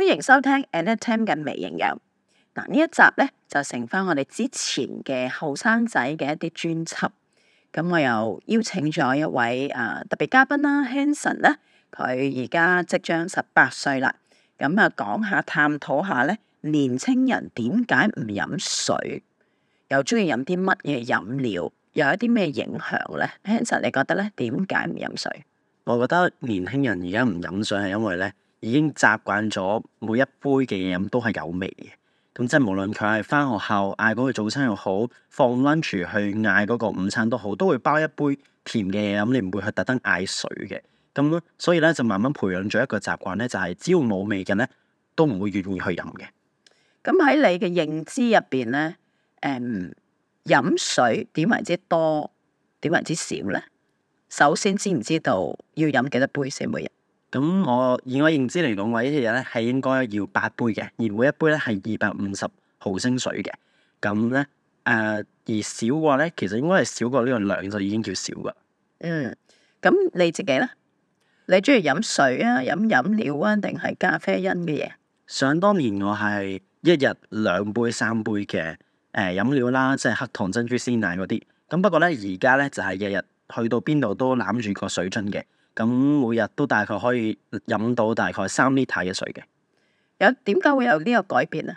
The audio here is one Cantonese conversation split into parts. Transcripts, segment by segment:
歡迎收聽《Annette Tam 嘅微營養》，嗱呢一集咧就成翻我哋之前嘅後生仔嘅一啲專輯，咁我又邀請咗一位誒、啊、特別嘉賓啦，Hanson 咧，佢而家即將十八歲啦，咁啊講下探討下咧，年青人點解唔飲水，又中意飲啲乜嘢飲料，又有一啲咩影響咧？Hanson，你覺得咧點解唔飲水？我覺得年輕人而家唔飲水係因為咧。已經習慣咗每一杯嘅嘢飲都係有味嘅，咁即係無論佢係返學校嗌嗰個早餐又好，放 lunch 去嗌嗰個午餐都好，都會包一杯甜嘅嘢飲，你唔會去特登嗌水嘅。咁所以咧就慢慢培養咗一個習慣咧，就係、是、只要冇味嘅咧，都唔會願意去飲嘅。咁喺你嘅認知入邊咧，誒、嗯，飲水點為之多，點為之少咧？首先知唔知道要飲幾多杯先每日？咁我以我認知嚟講，話一日咧係應該要八杯嘅，而每一杯咧係二百五十毫升水嘅。咁咧，誒、呃、而少嘅話咧，其實應該係少過呢個量就已經叫少噶。嗯，咁你自己咧，你中意飲水啊、飲飲料啊，定係咖啡因嘅嘢？想當年我係一日兩杯三杯嘅誒飲料啦，即係黑糖珍珠鮮奶嗰啲。咁不過咧，而家咧就係日日去到邊度都攬住個水樽嘅。咁每日都大概可以飲到大概三 litre 嘅水嘅。有點解會有呢個改變啊？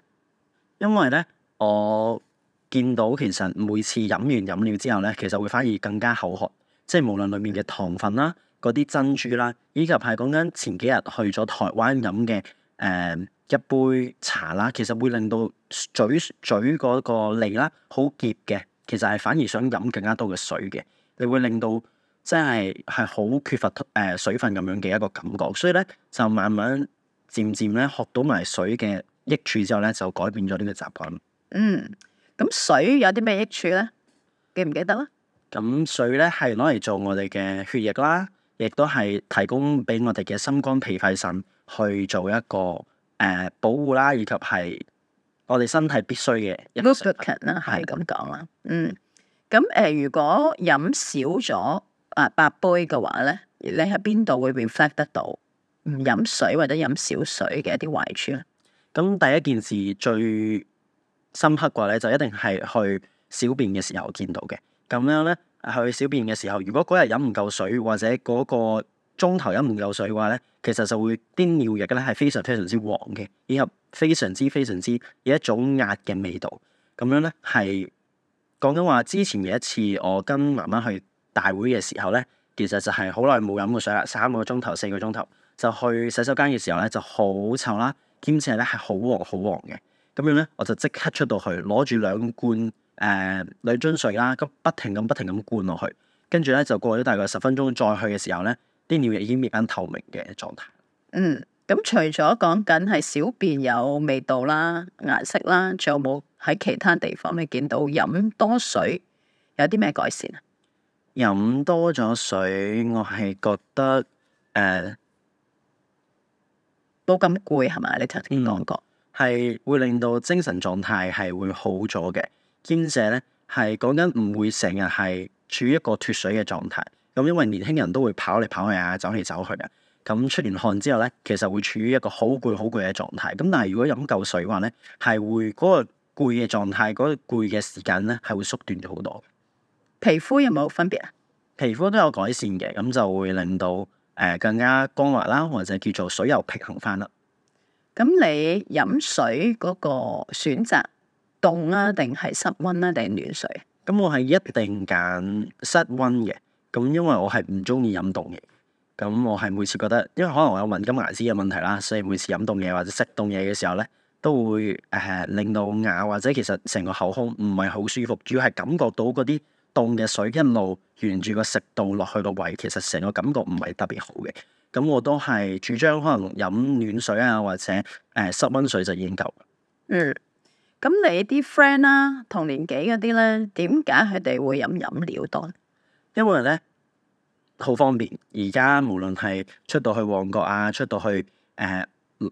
因為咧，我見到其實每次飲完飲料之後咧，其實會反而更加口渴，即係無論裡面嘅糖分啦、嗰啲珍珠啦，以及係講緊前幾日去咗台灣飲嘅誒、嗯、一杯茶啦，其實會令到嘴嘴嗰個脷啦好澀嘅，其實係反而想飲更加多嘅水嘅，你會令到。即係係好缺乏誒水分咁樣嘅一個感覺，所以咧就慢慢漸漸咧學到埋水嘅益處之後咧，就改變咗呢個習慣。嗯，咁水有啲咩益處咧？記唔記得啦？咁、嗯、水咧係攞嚟做我哋嘅血液啦，亦都係提供俾我哋嘅心肝脾肺腎去做一個誒、呃、保護啦，以及係我哋身體必須嘅。lookbook 啦，係咁講啦。嗯，咁誒、呃、如果飲少咗？啊，八杯嘅話咧，你喺邊度會 reflect 得到唔飲水或者飲少水嘅一啲壞處咧？咁第一件事最深刻啩咧，就一定係去小便嘅時候見到嘅。咁樣咧，去小便嘅時候，如果嗰日飲唔夠水，或者嗰個鐘頭飲唔夠水嘅話咧，其實就會啲尿液咧係非常非常之黃嘅，然後非常之非常之有一種壓嘅味道。咁樣咧係講緊話之前嘅一次，我跟媽媽去大會嘅時候咧，其實就係好耐冇飲過水啦，三個鐘頭、四個鐘頭就去洗手間嘅時候咧就好臭啦，兼且咧係好黃好黃嘅。咁樣咧，我就即刻出到去，攞住兩罐誒、呃、兩樽水啦，咁不停咁不停咁灌落去，跟住咧就過咗大概十分鐘再去嘅時候咧，啲尿液已經變返透明嘅狀態。嗯，咁除咗講緊係小便有味道啦、顏色啦，仲有冇喺其他地方你見到飲多水有啲咩改善啊？飲多咗水，我係覺得誒冇咁攰係嘛？你頭先講過係、嗯、會令到精神狀態係會好咗嘅，兼且咧係講緊唔會成日係處於一個脫水嘅狀態。咁因為年輕人都會跑嚟跑去啊，走嚟走去啊，咁出完汗之後咧，其實會處於一個好攰好攰嘅狀態。咁但係如果飲夠水嘅話咧，係會嗰個攰嘅狀態，嗰攰嘅時間咧係會縮短咗好多。皮膚有冇分別啊？皮膚都有改善嘅，咁就會令到誒、呃、更加光滑啦，或者叫做水油平衡翻啦。咁你飲水嗰個選擇凍啊，定係室溫啊，定係暖水？咁我係一定揀室溫嘅，咁因為我係唔中意飲凍嘢。咁我係每次覺得，因為可能我有敏感牙齒嘅問題啦，所以每次飲凍嘢或者食凍嘢嘅時候咧，都會誒、呃、令到我咬，或者其實成個口腔唔係好舒服，主要係感覺到嗰啲。凍嘅水一路沿住個食道落去個胃，其實成個感覺唔係特別好嘅。咁我都係主張可能飲暖水啊，或者誒室、呃、溫水就已經夠。嗯，咁你啲 friend 啦，同年紀嗰啲咧，點解佢哋會飲飲料多呢？因為咧好方便。而家無論係出到去旺角啊，出到去誒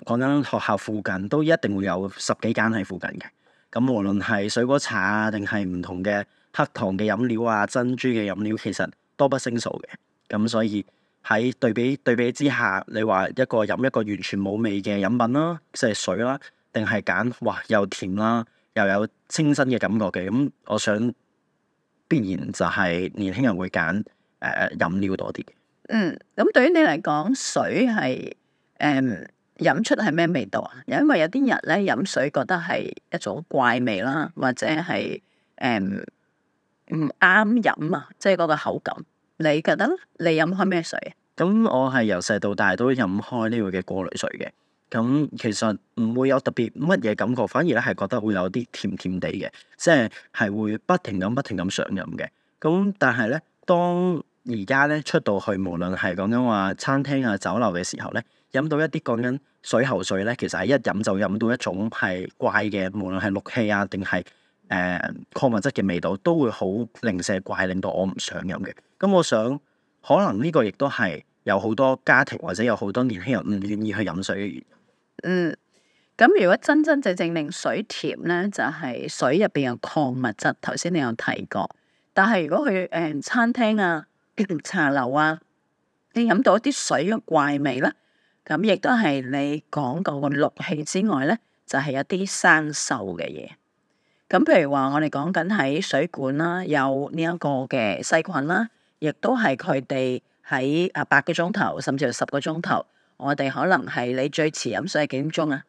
講緊學校附近，都一定會有十幾間喺附近嘅。咁無論係水果茶啊，定係唔同嘅。黑糖嘅飲料啊，珍珠嘅飲料其實多不勝數嘅，咁所以喺對比對比之下，你話一個飲一個完全冇味嘅飲品啦，即係水啦，定係揀哇又甜啦，又有清新嘅感覺嘅，咁我想必然就係年輕人會揀誒飲料多啲嘅。嗯。嗯，咁對於你嚟講，水係誒飲出係咩味道啊？因為有啲人咧飲水覺得係一種怪味啦，或者係誒。嗯唔啱飲啊！即係嗰個口感，你覺得你飲開咩水啊？咁我係由細到大都飲開呢個嘅過濾水嘅，咁其實唔會有特別乜嘢感覺，反而咧係覺得會有啲甜甜地嘅，即係係會不停咁不停咁想飲嘅。咁但係咧，當而家咧出到去，無論係講緊話餐廳啊、酒樓嘅時候咧，飲到一啲講緊水喉水咧，其實係一飲就飲到一種係怪嘅，無論係氯氣啊定係。誒，礦物質嘅味道都會好零舍怪，令到我唔想飲嘅。咁我想可能呢個亦都係有好多家庭或者有好多年輕人唔願意去飲水嘅原因。嗯，咁如果真真正正令水甜咧，就係水入邊有礦物質。頭先你有提過，但係如果去誒餐廳啊、茶樓啊，你飲到一啲水嘅怪味咧，咁亦都係你講過個氯氣之外咧，就係一啲生鏽嘅嘢。咁譬如話，我哋講緊喺水管啦，有呢一個嘅細菌啦，亦都係佢哋喺啊八個鐘頭，甚至係十個鐘頭，我哋可能係你最遲飲水係幾點鐘啊？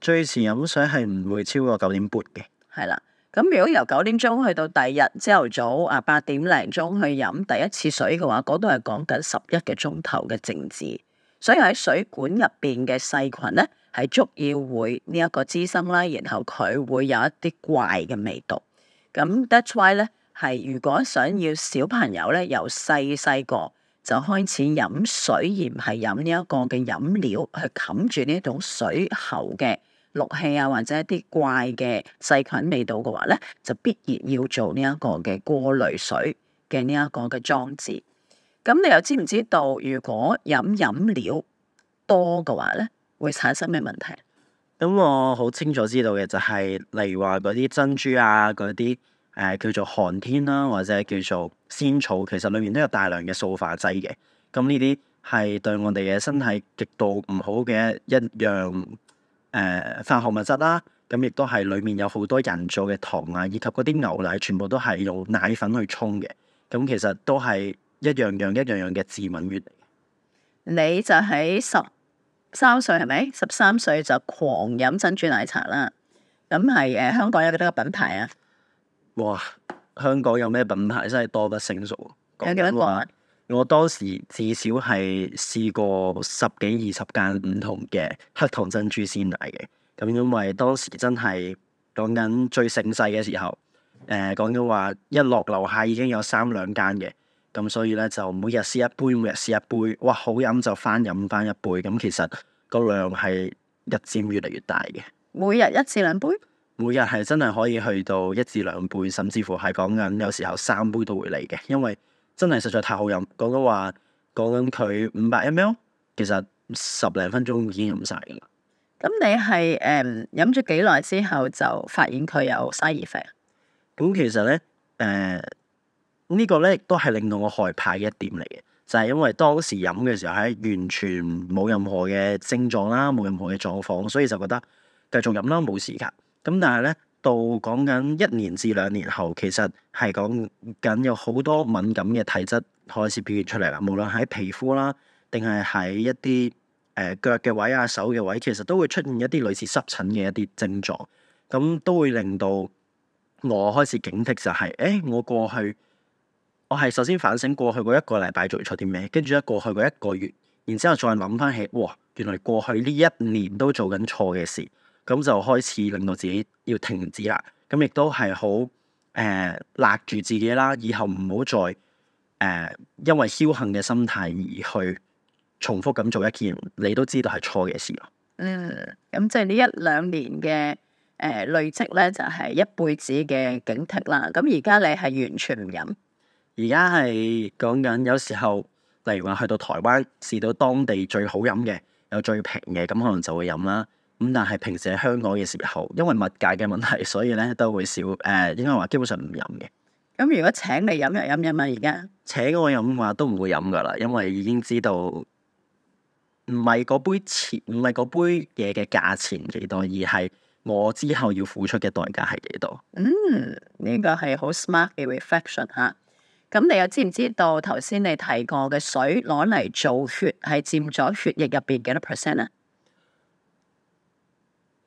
最遲飲水係唔會超過九點半嘅。係啦，咁如果由九點鐘去到第二日朝頭早啊八點零鐘去飲第一次水嘅話，嗰度係講緊十一個鐘頭嘅靜止。所以喺水管入邊嘅細菌咧。係足要會呢一個滋生啦，然後佢會有一啲怪嘅味道。咁 That's why 咧，係如果想要小朋友咧由細細個就開始飲水，而唔係飲呢一個嘅飲料去冚住呢一種水喉嘅氯氣啊，或者一啲怪嘅細菌味道嘅話咧，就必然要做呢一個嘅過濾水嘅呢一個嘅裝置。咁你又知唔知道，如果飲飲料多嘅話咧？會產生咩問題？咁、嗯、我好清楚知道嘅就係、是，例如話嗰啲珍珠啊，嗰啲誒叫做寒天啦、啊，或者叫做仙草，其實裏面都有大量嘅塑化劑嘅。咁呢啲係對我哋嘅身體極度唔好嘅一樣誒、呃、化學物質啦、啊。咁、嗯、亦都係裏面有好多人造嘅糖啊，以及嗰啲牛奶全部都係用奶粉去沖嘅。咁、嗯、其實都係一樣樣一樣樣嘅致敏源嚟。你就喺、是、十。三歲係咪？十三歲就狂飲珍珠奶茶啦。咁係誒，香港有幾多個品牌啊？哇！香港有咩品牌真係多不勝數。有幾多個啊，我當時至少係試過十幾二十間唔同嘅黑糖珍珠鮮奶嘅。咁因為當時真係講緊最盛世嘅時候，誒，講緊話一落樓下已經有三兩間嘅。咁所以咧就每日試一杯，每日試一杯，哇！好飲就翻飲翻一杯。咁其實個量係日漸越嚟越大嘅。每日一至兩杯？每日係真係可以去到一至兩杯，甚至乎係講緊有時候三杯都會嚟嘅，因為真係實在太好飲。講緊話講緊佢五百 mL，其實十零分鐘已經、呃、飲晒噶啦。咁你係誒飲咗幾耐之後就發現佢有生熱痱？咁其實咧誒。呃呢個咧亦都係令到我害怕嘅一點嚟嘅，就係因為當時飲嘅時候係完全冇任何嘅症狀啦，冇任何嘅狀況，所以就覺得繼續飲啦，冇事㗎。咁但係咧，到講緊一年至兩年後，其實係講緊有好多敏感嘅體質開始表現出嚟啦，無論喺皮膚啦，定係喺一啲誒、呃、腳嘅位啊、手嘅位，其實都會出現一啲類似濕疹嘅一啲症狀，咁都會令到我開始警惕、就係，就係誒我過去。我係首先反省過去嗰一個禮拜做錯啲咩，跟住咧過去嗰一個月，然之後再諗翻起，哇，原來過去呢一年都做緊錯嘅事，咁就開始令到自己要停止啦。咁亦都係好誒、勒、呃、住自己啦，以後唔好再誒、呃、因為僥倖嘅心態而去重複咁做一件你都知道係錯嘅事咯。嗯，咁即係呢一兩年嘅誒累積咧，就係、是、一輩子嘅警惕啦。咁而家你係完全唔飲。而家係講緊有時候，例如話去到台灣試到當地最好飲嘅又最平嘅，咁可能就會飲啦。咁但係平時喺香港嘅時候，因為物價嘅問題，所以咧都會少誒、呃，應該話基本上唔飲嘅。咁如果請你飲又飲飲啊？而家請我飲話都唔會飲噶啦，因為已經知道唔係嗰杯錢，唔係嗰杯嘢嘅價錢幾多，而係我之後要付出嘅代價係幾多。嗯，呢、這個係好 smart 嘅 reflection 嚇。咁你又知唔知道？頭先你提過嘅水攞嚟做血，係佔咗血液入邊幾多 percent 咧？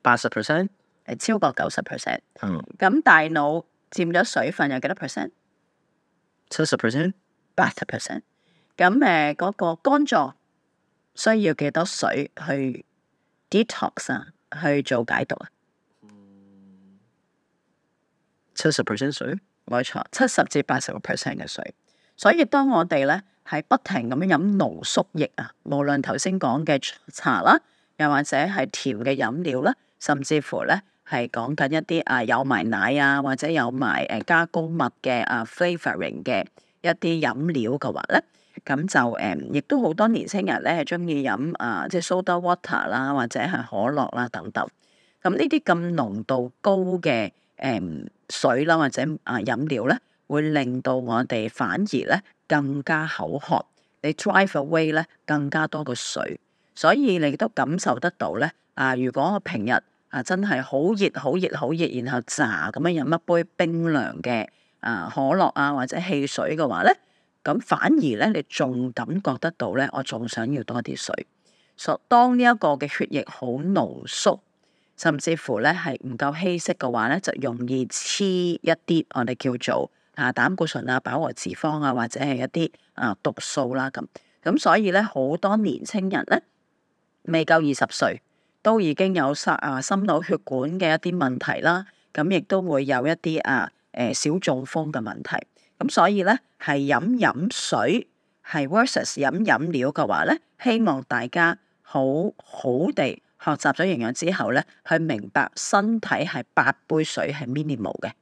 八十 percent，係超過九十 percent。咁、oh. 大腦佔咗水分有幾多 percent？七十 percent，八十 percent。咁誒，嗰、嗰個肝臟需要幾多水去 detox 啊？去做解毒啊？七十 percent 水。冇錯，七十至八十個 percent 嘅水，所以當我哋咧係不停咁樣飲濃縮液啊，無論頭先講嘅茶啦，又或者係甜嘅飲料啦，甚至乎咧係講緊一啲啊有埋奶啊，或者有埋誒加工物嘅啊 flavoring 嘅一啲飲料嘅話咧，咁就誒亦、嗯、都好多年青人咧係中意飲啊即係 soda water 啦，或者係可樂啦等等，咁呢啲咁濃度高嘅誒。嗯水啦，或者啊飲料咧，會令到我哋反而咧更加口渴。你 drive away 咧更加多個水，所以你都感受得到咧。啊，如果我平日啊真係好熱、好熱、好熱，然後炸咁樣飲一杯冰涼嘅啊可樂啊或者汽水嘅話咧，咁反而咧你仲感覺得到咧，我仲想要多啲水。所、so, 當呢一個嘅血液好濃縮。甚至乎咧係唔夠稀釋嘅話咧，就容易黐一啲我哋叫做啊膽固醇啊飽和脂肪啊或者係一啲啊毒素啦咁。咁、啊、所以咧好多年青人咧未夠二十歲都已經有塞啊心腦血管嘅一啲問題啦，咁、啊、亦都會有一啲啊誒、呃、小中風嘅問題。咁、啊、所以咧係飲飲水係 versus 飲飲料嘅話咧，希望大家好好地。學習咗營養之後咧，去明白身體係八杯水係 minimal 嘅，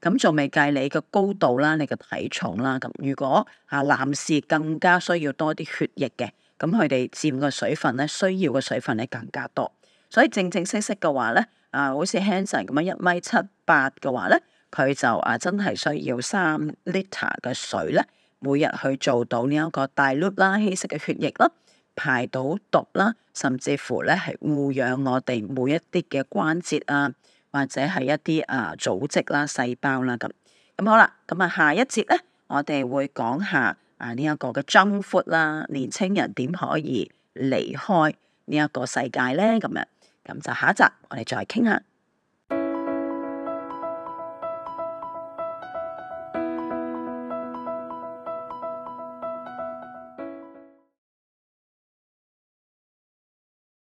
咁仲未計你個高度啦、你個體重啦。咁如果啊男士更加需要多啲血液嘅，咁佢哋佔個水分咧，需要嘅水分咧更加多。所以正正式式嘅話咧，啊好似 Hanson 咁樣一米七八嘅話咧，佢就啊真係需要三 liter 嘅水咧，每日去做到呢一個大 loop 啦、稀釋嘅血液啦。排到毒啦，甚至乎咧係護養我哋每一啲嘅關節啊，或者係一啲啊組織啦、細胞啦咁。咁好啦，咁啊下一節咧，我哋會講下啊呢一個嘅 junk food 啦，年青人點可以離開呢一個世界咧？咁樣咁就下一集我哋再傾下。